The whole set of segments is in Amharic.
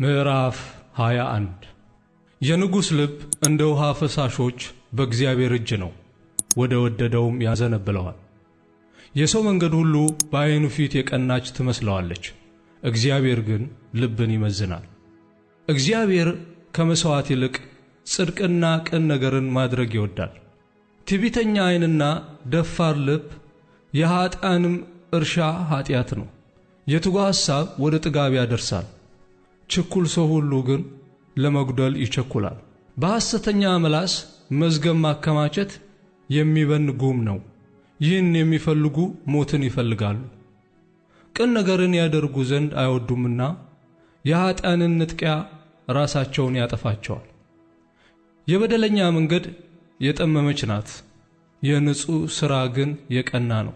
ምዕራፍ 21 የንጉሥ ልብ እንደ ውኃ ፈሳሾች በእግዚአብሔር እጅ ነው፣ ወደ ወደደውም ያዘነብለዋል። የሰው መንገድ ሁሉ በዐይኑ ፊት የቀናች ትመስለዋለች፣ እግዚአብሔር ግን ልብን ይመዝናል። እግዚአብሔር ከመሥዋዕት ይልቅ ጽድቅና ቅን ነገርን ማድረግ ይወዳል። ትዕቢተኛ ዓይንና ደፋር ልብ የኀጣንም እርሻ ኀጢአት ነው፣ የትጉ ሐሳብ ወደ ጥጋብ ያደርሳል። ችኩል ሰው ሁሉ ግን ለመጉደል ይቸኩላል። በሐሰተኛ ምላስ መዝገብ ማከማቸት የሚበን ጉም ነው። ይህን የሚፈልጉ ሞትን ይፈልጋሉ። ቅን ነገርን ያደርጉ ዘንድ አይወዱምና የኀጢአንን ንጥቂያ ራሳቸውን ያጠፋቸዋል። የበደለኛ መንገድ የጠመመች ናት፣ የንጹሕ ሥራ ግን የቀና ነው።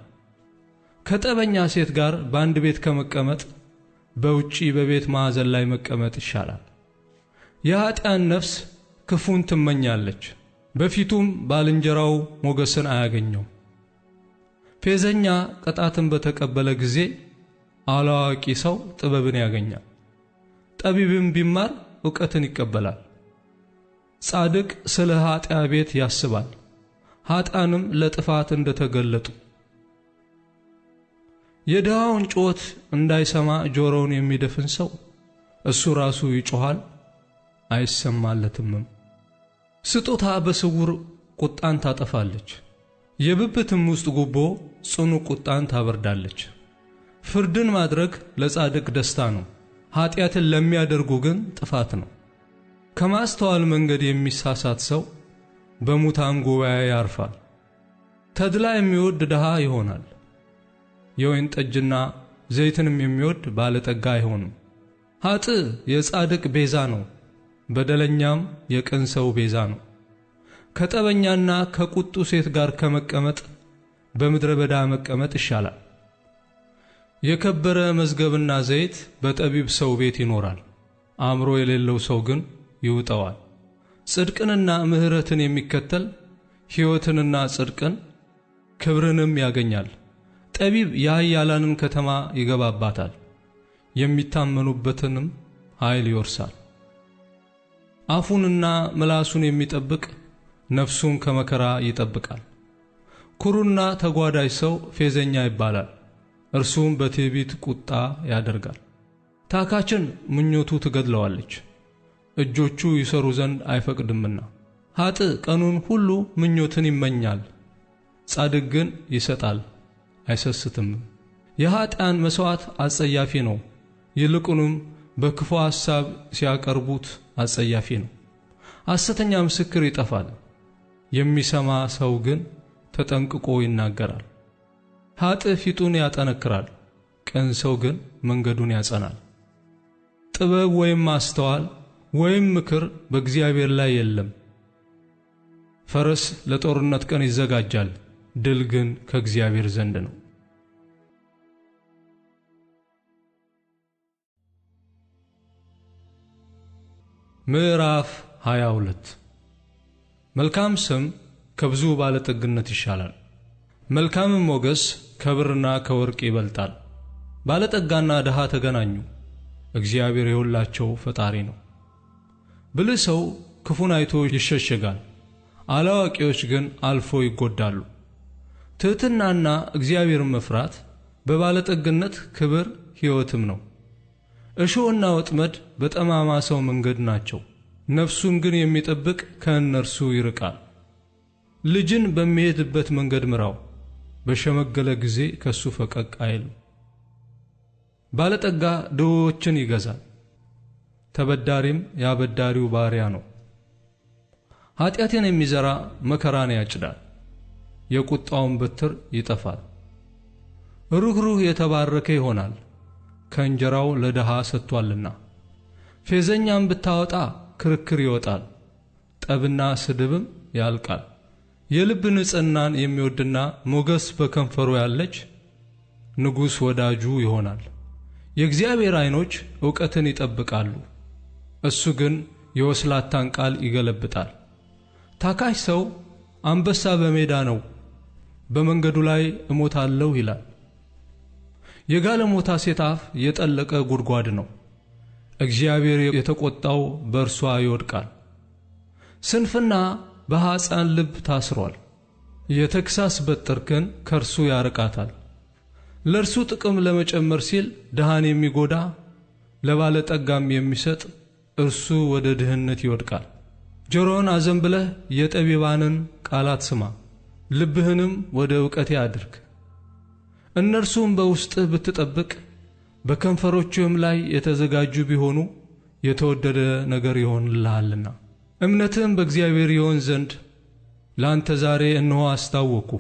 ከጠበኛ ሴት ጋር በአንድ ቤት ከመቀመጥ በውጪ በቤት ማዕዘን ላይ መቀመጥ ይሻላል። የኀጢአን ነፍስ ክፉን ትመኛለች፣ በፊቱም ባልንጀራው ሞገስን አያገኘው። ፌዘኛ ቅጣትን በተቀበለ ጊዜ አላዋቂ ሰው ጥበብን ያገኛል፣ ጠቢብም ቢማር እውቀትን ይቀበላል። ጻድቅ ስለ ኀጢአ ቤት ያስባል፣ ኀጣንም ለጥፋት እንደተገለጡ የድሃውን ጩኸት እንዳይሰማ ጆሮውን የሚደፍን ሰው እሱ ራሱ ይጮኋል አይሰማለትምም። ስጦታ በስውር ቁጣን ታጠፋለች፣ የብብትም ውስጥ ጉቦ ጽኑ ቁጣን ታበርዳለች። ፍርድን ማድረግ ለጻድቅ ደስታ ነው፣ ኀጢአትን ለሚያደርጉ ግን ጥፋት ነው። ከማስተዋል መንገድ የሚሳሳት ሰው በሙታን ጉባኤ ያርፋል። ተድላ የሚወድ ድሃ ይሆናል። የወይን ጠጅና ዘይትንም የሚወድ ባለጠጋ አይሆንም። ሀጥ የጻድቅ ቤዛ ነው፣ በደለኛም የቅን ሰው ቤዛ ነው። ከጠበኛና ከቁጡ ሴት ጋር ከመቀመጥ በምድረ በዳ መቀመጥ ይሻላል። የከበረ መዝገብና ዘይት በጠቢብ ሰው ቤት ይኖራል፣ አእምሮ የሌለው ሰው ግን ይውጠዋል። ጽድቅንና ምሕረትን የሚከተል ሕይወትንና ጽድቅን ክብርንም ያገኛል። ጠቢብ የኃያላንን ከተማ ይገባባታል፣ የሚታመኑበትንም ኃይል ይወርሳል። አፉንና ምላሱን የሚጠብቅ ነፍሱን ከመከራ ይጠብቃል። ኩሩና ተጓዳጅ ሰው ፌዘኛ ይባላል፣ እርሱም በትዕቢት ቁጣ ያደርጋል። ታካችን ምኞቱ ትገድለዋለች፣ እጆቹ ይሰሩ ዘንድ አይፈቅድምና። ሀጥ ቀኑን ሁሉ ምኞትን ይመኛል፣ ጻድቅ ግን ይሰጣል አይሰስትም። የኀጢአን መሥዋዕት አጸያፊ ነው፣ ይልቁንም በክፉ ሐሳብ ሲያቀርቡት አጸያፊ ነው። ሐሰተኛ ምስክር ይጠፋል፣ የሚሰማ ሰው ግን ተጠንቅቆ ይናገራል። ኀጥእ ፊቱን ያጠነክራል፣ ቅን ሰው ግን መንገዱን ያጸናል። ጥበብ ወይም ማስተዋል ወይም ምክር በእግዚአብሔር ላይ የለም። ፈረስ ለጦርነት ቀን ይዘጋጃል ድል ግን ከእግዚአብሔር ዘንድ ነው። ምዕራፍ 22 መልካም ስም ከብዙ ባለጠግነት ይሻላል፣ መልካምም ሞገስ ከብርና ከወርቅ ይበልጣል። ባለጠጋና ድሃ ተገናኙ፣ እግዚአብሔር የሁላቸው ፈጣሪ ነው። ብልህ ሰው ክፉን አይቶ ይሸሸጋል፣ አላዋቂዎች ግን አልፎ ይጎዳሉ። ትሕትናና እግዚአብሔርን መፍራት በባለጠግነት ክብር ሕይወትም ነው። እሾህና ወጥመድ በጠማማ ሰው መንገድ ናቸው፣ ነፍሱን ግን የሚጠብቅ ከእነርሱ ይርቃል። ልጅን በሚሄድበት መንገድ ምራው፣ በሸመገለ ጊዜ ከሱ ፈቀቅ አይልም። ባለጠጋ ድሆዎችን ይገዛል፣ ተበዳሪም የአበዳሪው ባሪያ ነው። ኃጢአትን የሚዘራ መከራን ያጭዳል። የቁጣውን በትር ይጠፋል። ሩኅሩህ የተባረከ ይሆናል፣ ከእንጀራው ለድሃ ሰጥቷልና። ፌዘኛም ብታወጣ ክርክር ይወጣል፣ ጠብና ስድብም ያልቃል። የልብ ንጽህናን የሚወድና ሞገስ በከንፈሩ ያለች ንጉሥ ወዳጁ ይሆናል። የእግዚአብሔር ዐይኖች ዕውቀትን ይጠብቃሉ፣ እሱ ግን የወስላታን ቃል ይገለብጣል። ታካች ሰው አንበሳ በሜዳ ነው በመንገዱ ላይ እሞታለሁ ይላል። የጋለሞታ ሴት አፍ የጠለቀ ጉድጓድ ነው። እግዚአብሔር የተቆጣው በእርሷ ይወድቃል። ስንፍና በሐፃን ልብ ታስሯል። የተክሳስ በትር ግን ከእርሱ ያርቃታል። ለእርሱ ጥቅም ለመጨመር ሲል ድሃን የሚጎዳ ለባለጠጋም የሚሰጥ እርሱ ወደ ድህነት ይወድቃል። ጆሮውን አዘንብለህ የጠቢባንን ቃላት ስማ። ልብህንም ወደ እውቀቴ አድርግ። እነርሱም በውስጥህ ብትጠብቅ በከንፈሮችህም ላይ የተዘጋጁ ቢሆኑ የተወደደ ነገር ይሆንልሃልና። እምነትህም በእግዚአብሔር ይሆን ዘንድ ለአንተ ዛሬ እነሆ አስታወቅሁ።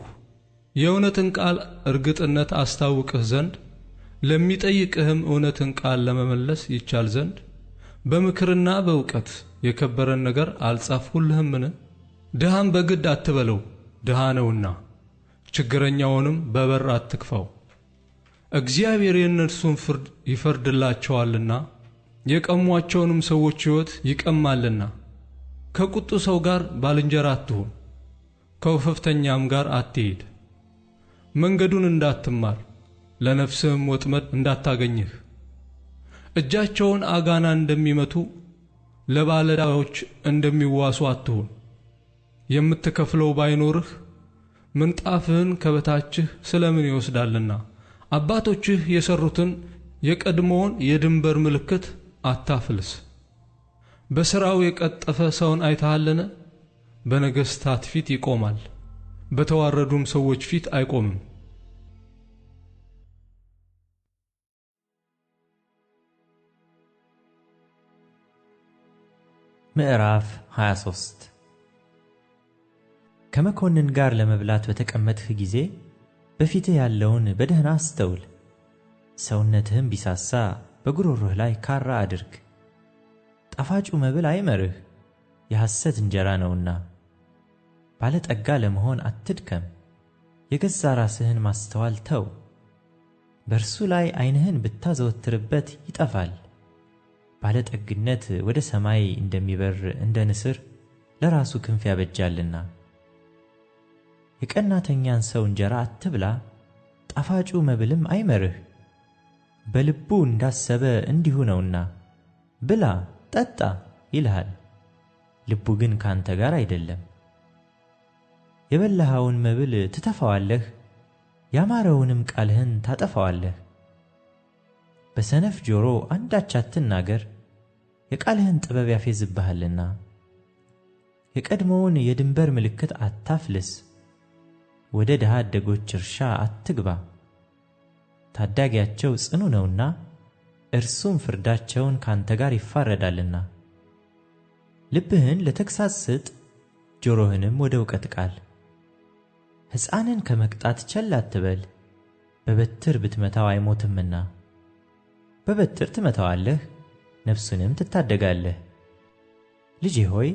የእውነትን ቃል እርግጥነት አስታውቅህ ዘንድ ለሚጠይቅህም እውነትን ቃል ለመመለስ ይቻል ዘንድ በምክርና በእውቀት የከበረን ነገር አልጻፍሁልህምን? ድሃም በግድ አትበለው። ድሃ ነውና ችግረኛውንም በበር አትክፈው። እግዚአብሔር የእነርሱን ፍርድ ይፈርድላቸዋልና የቀሟቸውንም ሰዎች ሕይወት ይቀማልና። ከቁጡ ሰው ጋር ባልንጀራ አትሁን፣ ከውፈፍተኛም ጋር አትሄድ። መንገዱን እንዳትማር ለነፍስህም ወጥመድ እንዳታገኝህ። እጃቸውን አጋና እንደሚመቱ ለባለዳዎች እንደሚዋሱ አትሁን። የምትከፍለው ባይኖርህ ምንጣፍህን ከበታችህ ስለምን ይወስዳልና? አባቶችህ የሰሩትን የቀድሞውን የድንበር ምልክት አታፍልስ። በሥራው የቀጠፈ ሰውን አይተሃልን? በነገሥታት ፊት ይቆማል፣ በተዋረዱም ሰዎች ፊት አይቆምም። ምዕራፍ 23 ከመኮንን ጋር ለመብላት በተቀመጥህ ጊዜ በፊትህ ያለውን በደህና አስተውል። ሰውነትህም ቢሳሳ በጉሮሮህ ላይ ካራ አድርግ። ጣፋጩ መብል አይመርህ፣ የሐሰት እንጀራ ነውና። ባለጠጋ ለመሆን አትድከም፣ የገዛ ራስህን ማስተዋል ተው። በእርሱ ላይ ዐይንህን ብታዘወትርበት ይጠፋል። ባለጠግነት ወደ ሰማይ እንደሚበር እንደ ንስር ለራሱ ክንፍ ያበጃልና። የቀናተኛን ሰው እንጀራ አትብላ፣ ጣፋጩ መብልም አይመርህ። በልቡ እንዳሰበ እንዲሁ ነውና ብላ ጠጣ ይልሃል፣ ልቡ ግን ካንተ ጋር አይደለም። የበላኸውን መብል ትተፋዋለህ፣ ያማረውንም ቃልህን ታጠፋዋለህ። በሰነፍ ጆሮ አንዳች አትናገር፣ የቃልህን ጥበብ ያፌዝብሃልና። የቀድሞውን የድንበር ምልክት አታፍልስ ወደ ድሃ አደጎች እርሻ አትግባ፣ ታዳጊያቸው ጽኑ ነውና እርሱም ፍርዳቸውን ካንተ ጋር ይፋረዳልና። ልብህን ለተግሣጽ ስጥ፣ ጆሮህንም ወደ እውቀት ቃል። ሕፃንን ከመቅጣት ቸል አትበል፣ በበትር ብትመታው አይሞትምና። በበትር ትመታዋለህ፣ ነፍሱንም ትታደጋለህ። ልጄ ሆይ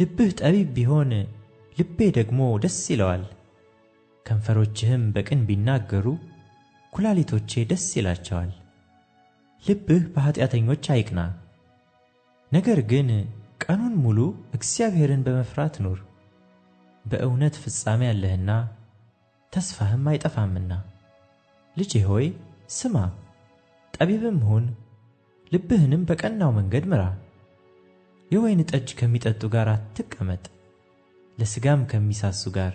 ልብህ ጠቢብ ቢሆን ልቤ ደግሞ ደስ ይለዋል። ከንፈሮችህም በቅን ቢናገሩ ኩላሊቶቼ ደስ ይላቸዋል። ልብህ በኃጢአተኞች አይቅና፣ ነገር ግን ቀኑን ሙሉ እግዚአብሔርን በመፍራት ኑር። በእውነት ፍጻሜ አለህና ተስፋህም አይጠፋምና። ልጄ ሆይ ስማ፣ ጠቢብም ሁን፣ ልብህንም በቀናው መንገድ ምራ። የወይን ጠጅ ከሚጠጡ ጋር አትቀመጥ፣ ለሥጋም ከሚሳሱ ጋር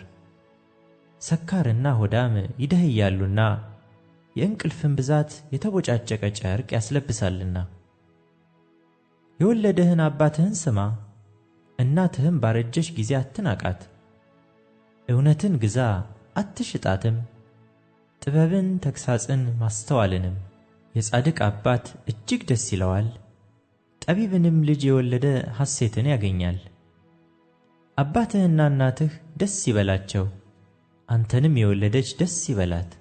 ሰካርና ሆዳም ይደህያሉና የእንቅልፍን ብዛት የተቦጫጨቀ ጨርቅ ያስለብሳልና። የወለደህን አባትህን ስማ፣ እናትህም ባረጀሽ ጊዜ አትናቃት። እውነትን ግዛ አትሽጣትም፣ ጥበብን፣ ተክሳጽን ማስተዋልንም። የጻድቅ አባት እጅግ ደስ ይለዋል፣ ጠቢብንም ልጅ የወለደ ሐሴትን ያገኛል። አባትህና እናትህ ደስ ይበላቸው አንተንም የወለደች ደስ ይበላት።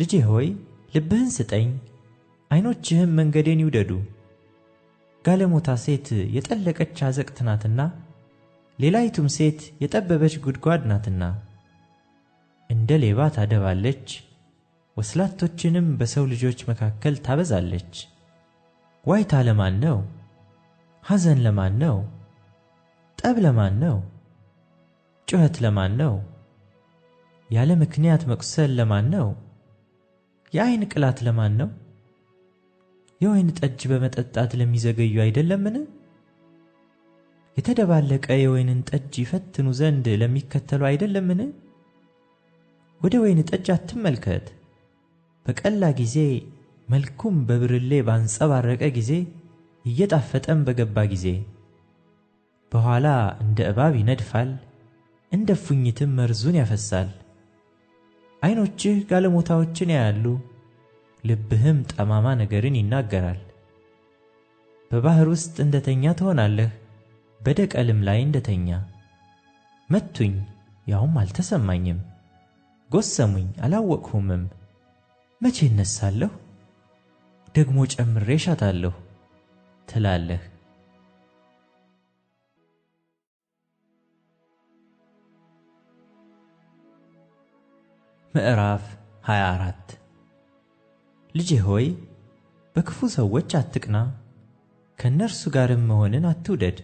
ልጄ ሆይ ልብህን ስጠኝ፣ ዐይኖችህም መንገዴን ይውደዱ። ጋለሞታ ሴት የጠለቀች አዘቅት ናትና፣ ሌላይቱም ሴት የጠበበች ጉድጓድ ናትና። እንደ ሌባ ታደባለች፣ ወስላቶችንም በሰው ልጆች መካከል ታበዛለች። ዋይታ ለማን ነው? ሐዘን ለማን ነው? ጠብ ለማን ነው? ጩኸት ለማን ነው? ያለ ምክንያት መቁሰል ለማን ነው? የአይን ቅላት ለማን ነው? የወይን ጠጅ በመጠጣት ለሚዘገዩ አይደለምን? የተደባለቀ የወይንን ጠጅ ይፈትኑ ዘንድ ለሚከተሉ አይደለምን? ወደ ወይን ጠጅ አትመልከት። በቀላ ጊዜ መልኩም በብርሌ ባንጸባረቀ ጊዜ እየጣፈጠም በገባ ጊዜ በኋላ እንደ እባብ ይነድፋል እንደ እፉኝትም መርዙን ያፈሳል። ዐይኖችህ ጋለሞታዎችን ያያሉ፣ ልብህም ጠማማ ነገርን ይናገራል። በባሕር ውስጥ እንደተኛ ትሆናለህ፣ በደቀልም ላይ እንደተኛ። መቱኝ ያውም አልተሰማኝም፣ ጎሰሙኝ አላወቅሁምም። መቼ እነሳለሁ? ደግሞ ጨምሬ እሻታለሁ ትላለህ። ምዕራፍ 24 ልጄ ሆይ በክፉ ሰዎች አትቅና፣ ከእነርሱ ጋርም መሆንን አትውደድ።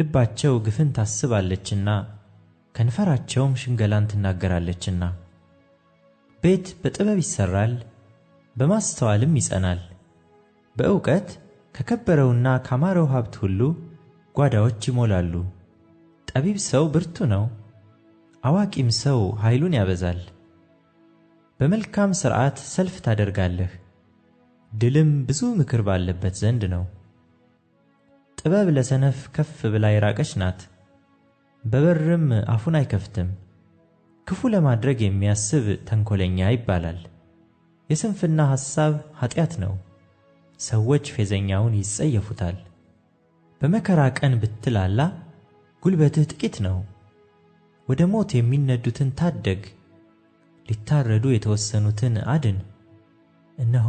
ልባቸው ግፍን ታስባለችና፣ ከንፈራቸውም ሽንገላን ትናገራለችና። ቤት በጥበብ ይሠራል፣ በማስተዋልም ይጸናል። በእውቀት ከከበረውና ካማረው ሀብት ሁሉ ጓዳዎች ይሞላሉ። ጠቢብ ሰው ብርቱ ነው፣ አዋቂም ሰው ኃይሉን ያበዛል። በመልካም ሥርዓት ሰልፍ ታደርጋለህ። ድልም ብዙ ምክር ባለበት ዘንድ ነው። ጥበብ ለሰነፍ ከፍ ብላ የራቀች ናት፣ በበርም አፉን አይከፍትም። ክፉ ለማድረግ የሚያስብ ተንኮለኛ ይባላል። የስንፍና ሐሳብ ኀጢአት ነው፣ ሰዎች ፌዘኛውን ይጸየፉታል። በመከራ ቀን ብትላላ ጉልበትህ ጥቂት ነው። ወደ ሞት የሚነዱትን ታደግ ሊታረዱ የተወሰኑትን አድን። እነሆ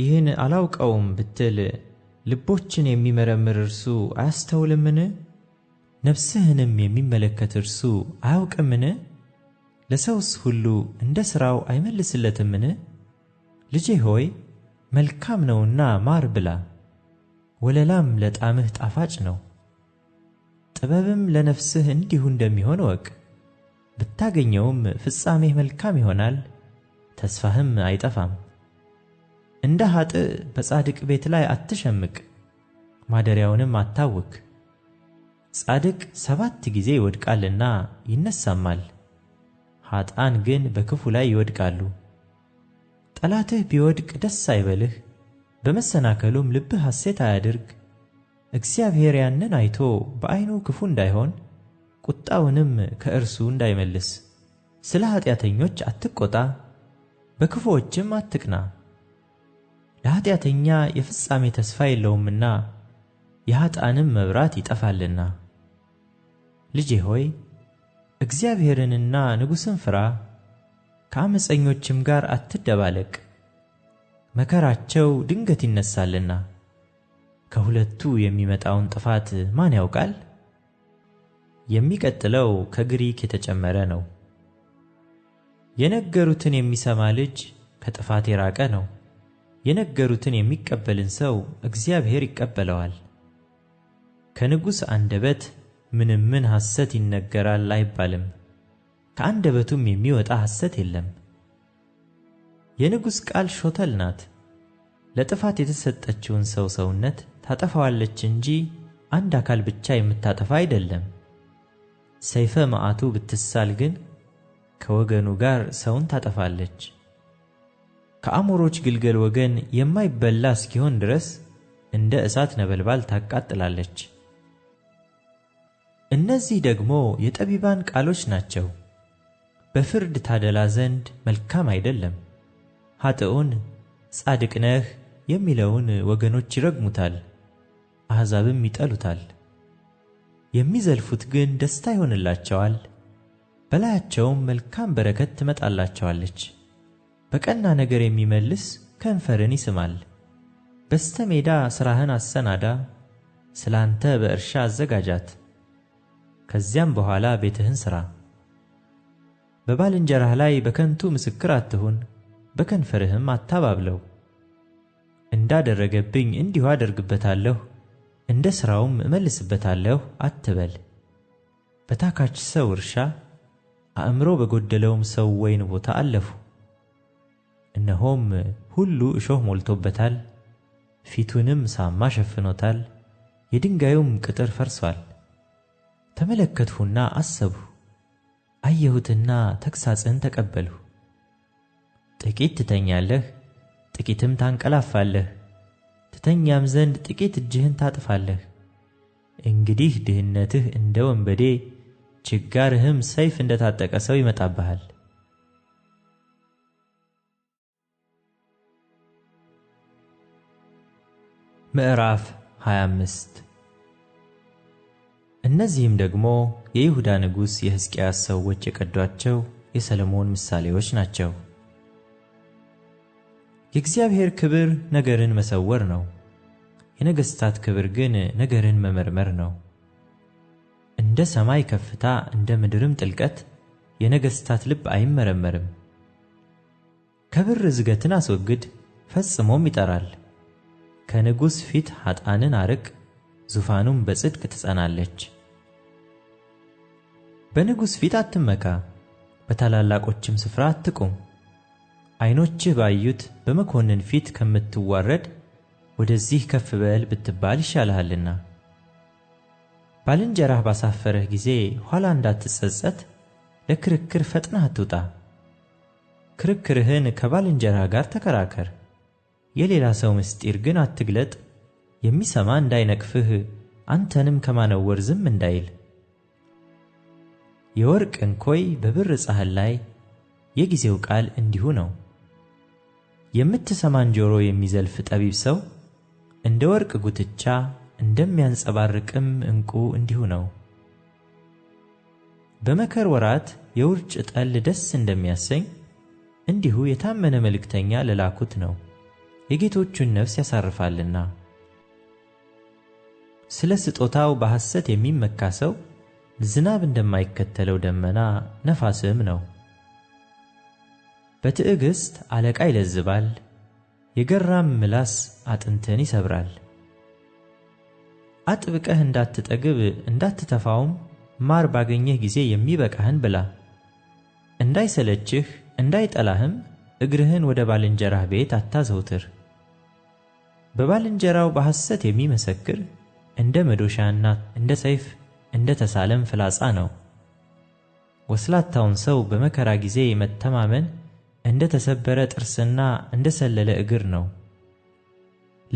ይህን አላውቀውም ብትል ልቦችን የሚመረምር እርሱ አያስተውልምን? ነፍስህንም የሚመለከት እርሱ አያውቅምን? ለሰውስ ሁሉ እንደ ሥራው አይመልስለትምን? ልጄ ሆይ መልካም ነውና ማር ብላ፣ ወለላም ለጣምህ ጣፋጭ ነው። ጥበብም ለነፍስህ እንዲሁ እንደሚሆን እወቅ። ብታገኘውም ፍጻሜህ መልካም ይሆናል፣ ተስፋህም አይጠፋም። እንደ ኃጥእ በጻድቅ ቤት ላይ አትሸምቅ፣ ማደሪያውንም አታውክ። ጻድቅ ሰባት ጊዜ ይወድቃልና ይነሳማል፣ ኀጣን ግን በክፉ ላይ ይወድቃሉ። ጠላትህ ቢወድቅ ደስ አይበልህ፣ በመሰናከሉም ልብህ ሐሴት አያድርግ። እግዚአብሔር ያንን አይቶ በዐይኑ ክፉ እንዳይሆን ቁጣውንም ከእርሱ እንዳይመልስ። ስለ ኃጢአተኞች አትቆጣ፣ በክፉዎችም አትቅና። ለኃጢአተኛ የፍጻሜ ተስፋ የለውምና የኃጥኣንም መብራት ይጠፋልና። ልጄ ሆይ እግዚአብሔርንና ንጉሥን ፍራ፣ ከዓመፀኞችም ጋር አትደባለቅ። መከራቸው ድንገት ይነሳልና። ከሁለቱ የሚመጣውን ጥፋት ማን ያውቃል? የሚቀጥለው ከግሪክ የተጨመረ ነው። የነገሩትን የሚሰማ ልጅ ከጥፋት የራቀ ነው። የነገሩትን የሚቀበልን ሰው እግዚአብሔር ይቀበለዋል። ከንጉሥ አንደበት ምንም ምን ሐሰት ይነገራል አይባልም፣ ከአንደበቱም የሚወጣ ሐሰት የለም። የንጉሥ ቃል ሾተል ናት፣ ለጥፋት የተሰጠችውን ሰው ሰውነት ታጠፋዋለች እንጂ አንድ አካል ብቻ የምታጠፋ አይደለም። ሰይፈ መዓቱ ብትሳል ግን ከወገኑ ጋር ሰውን ታጠፋለች። ከአሞሮች ግልገል ወገን የማይበላ እስኪሆን ድረስ እንደ እሳት ነበልባል ታቃጥላለች። እነዚህ ደግሞ የጠቢባን ቃሎች ናቸው። በፍርድ ታደላ ዘንድ መልካም አይደለም። ሀጥኡን ጻድቅ ነህ የሚለውን ወገኖች ይረግሙታል፣ አሕዛብም ይጠሉታል። የሚዘልፉት ግን ደስታ ይሆንላቸዋል፣ በላያቸውም መልካም በረከት ትመጣላቸዋለች። በቀና ነገር የሚመልስ ከንፈርን ይስማል። በስተ ሜዳ ሥራህን አሰናዳ፣ ስላንተ በእርሻ አዘጋጃት። ከዚያም በኋላ ቤትህን ሥራ። በባልንጀራህ ላይ በከንቱ ምስክር አትሁን፣ በከንፈርህም አታባብለው። እንዳደረገብኝ እንዲሁ አደርግበታለሁ እንደ ሥራውም እመልስበታለሁ አትበል። በታካች ሰው እርሻ፣ አእምሮ በጎደለውም ሰው ወይን ቦታ አለፉ። እነሆም ሁሉ እሾህ ሞልቶበታል፣ ፊቱንም ሳማ ሸፍኖታል፣ የድንጋዩም ቅጥር ፈርሷል። ተመለከትሁና አሰብሁ፣ አየሁትና ተግሣጽን ተቀበልሁ። ጥቂት ትተኛለህ፣ ጥቂትም ታንቀላፋለህ ትተኛም ዘንድ ጥቂት እጅህን ታጥፋለህ። እንግዲህ ድህነትህ እንደ ወንበዴ ችጋርህም ሰይፍ እንደ ታጠቀ ሰው ይመጣብሃል። ምዕራፍ 25 እነዚህም ደግሞ የይሁዳ ንጉሥ የሕዝቅያስ ሰዎች የቀዷቸው የሰለሞን ምሳሌዎች ናቸው። የእግዚአብሔር ክብር ነገርን መሰወር ነው። የነገሥታት ክብር ግን ነገርን መመርመር ነው። እንደ ሰማይ ከፍታ እንደ ምድርም ጥልቀት የነገሥታት ልብ አይመረመርም። ከብር ዝገትን አስወግድ፣ ፈጽሞም ይጠራል። ከንጉሥ ፊት ኀጣንን አርቅ፣ ዙፋኑም በጽድቅ ትጸናለች። በንጉሥ ፊት አትመካ፣ በታላላቆችም ስፍራ አትቁም። ዓይኖችህ ባዩት በመኮንን ፊት ከምትዋረድ ወደዚህ ከፍ በል ብትባል ይሻልሃልና። ባልንጀራህ ባሳፈረህ ጊዜ ኋላ እንዳትጸጸት ለክርክር ፈጥነህ አትውጣ። ክርክርህን ከባልንጀራህ ጋር ተከራከር። የሌላ ሰው ምስጢር ግን አትግለጥ፣ የሚሰማ እንዳይነቅፍህ አንተንም ከማነወር ዝም እንዳይል። የወርቅ እንኮይ በብር ጻሕል ላይ የጊዜው ቃል እንዲሁ ነው። የምትሰማን ጆሮ የሚዘልፍ ጠቢብ ሰው እንደ ወርቅ ጉትቻ እንደሚያንጸባርቅም ዕንቁ እንዲሁ ነው። በመከር ወራት የውርጭ ጠል ደስ እንደሚያሰኝ እንዲሁ የታመነ መልእክተኛ ለላኩት ነው፤ የጌቶቹን ነፍስ ያሳርፋልና። ስለ ስጦታው በሐሰት የሚመካ ሰው ዝናብ እንደማይከተለው ደመና ነፋስም ነው። በትዕግሥት አለቃ ይለዝባል፣ የገራም ምላስ አጥንትን ይሰብራል። አጥብቀህ እንዳትጠግብ እንዳትተፋውም ማር ባገኘህ ጊዜ የሚበቃህን ብላ። እንዳይሰለችህ እንዳይጠላህም እግርህን ወደ ባልንጀራህ ቤት አታዘውትር። በባልንጀራው በሐሰት የሚመሰክር እንደ መዶሻና እንደ ሰይፍ እንደ ተሳለም ፍላጻ ነው። ወስላታውን ሰው በመከራ ጊዜ መተማመን እንደ ተሰበረ ጥርስና እንደ ሰለለ እግር ነው።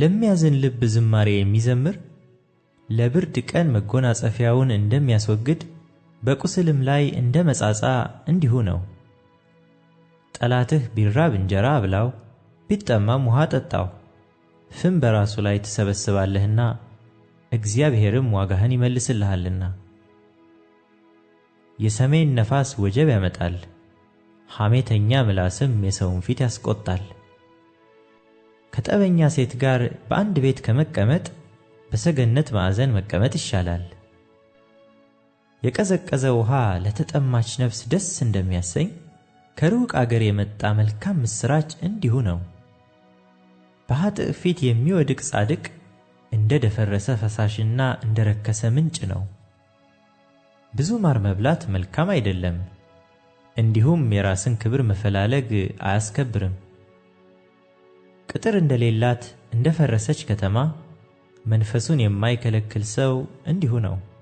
ለሚያዝን ልብ ዝማሬ የሚዘምር ለብርድ ቀን መጎናጸፊያውን እንደሚያስወግድ በቁስልም ላይ እንደ መጻጻ እንዲሁ ነው። ጠላትህ ቢራብ እንጀራ አብላው፣ ቢጠማም ውሃ ጠጣው። ፍም በራሱ ላይ ትሰበስባለህና እግዚአብሔርም ዋጋህን ይመልስልሃልና። የሰሜን ነፋስ ወጀብ ያመጣል ሐሜተኛ ምላስም የሰውን ፊት ያስቆጣል። ከጠበኛ ሴት ጋር በአንድ ቤት ከመቀመጥ በሰገነት ማዕዘን መቀመጥ ይሻላል። የቀዘቀዘ ውሃ ለተጠማች ነፍስ ደስ እንደሚያሰኝ ከሩቅ አገር የመጣ መልካም ምስራች እንዲሁ ነው። በኃጥእ ፊት የሚወድቅ ጻድቅ እንደ ደፈረሰ ፈሳሽና እንደ ረከሰ ምንጭ ነው። ብዙ ማር መብላት መልካም አይደለም። اندهوم ميراسن كبر مفلالق عاس كبرم كتر اند ليلات اندفر رسج كتما منفسون يم مايكل كلسو اندهو نو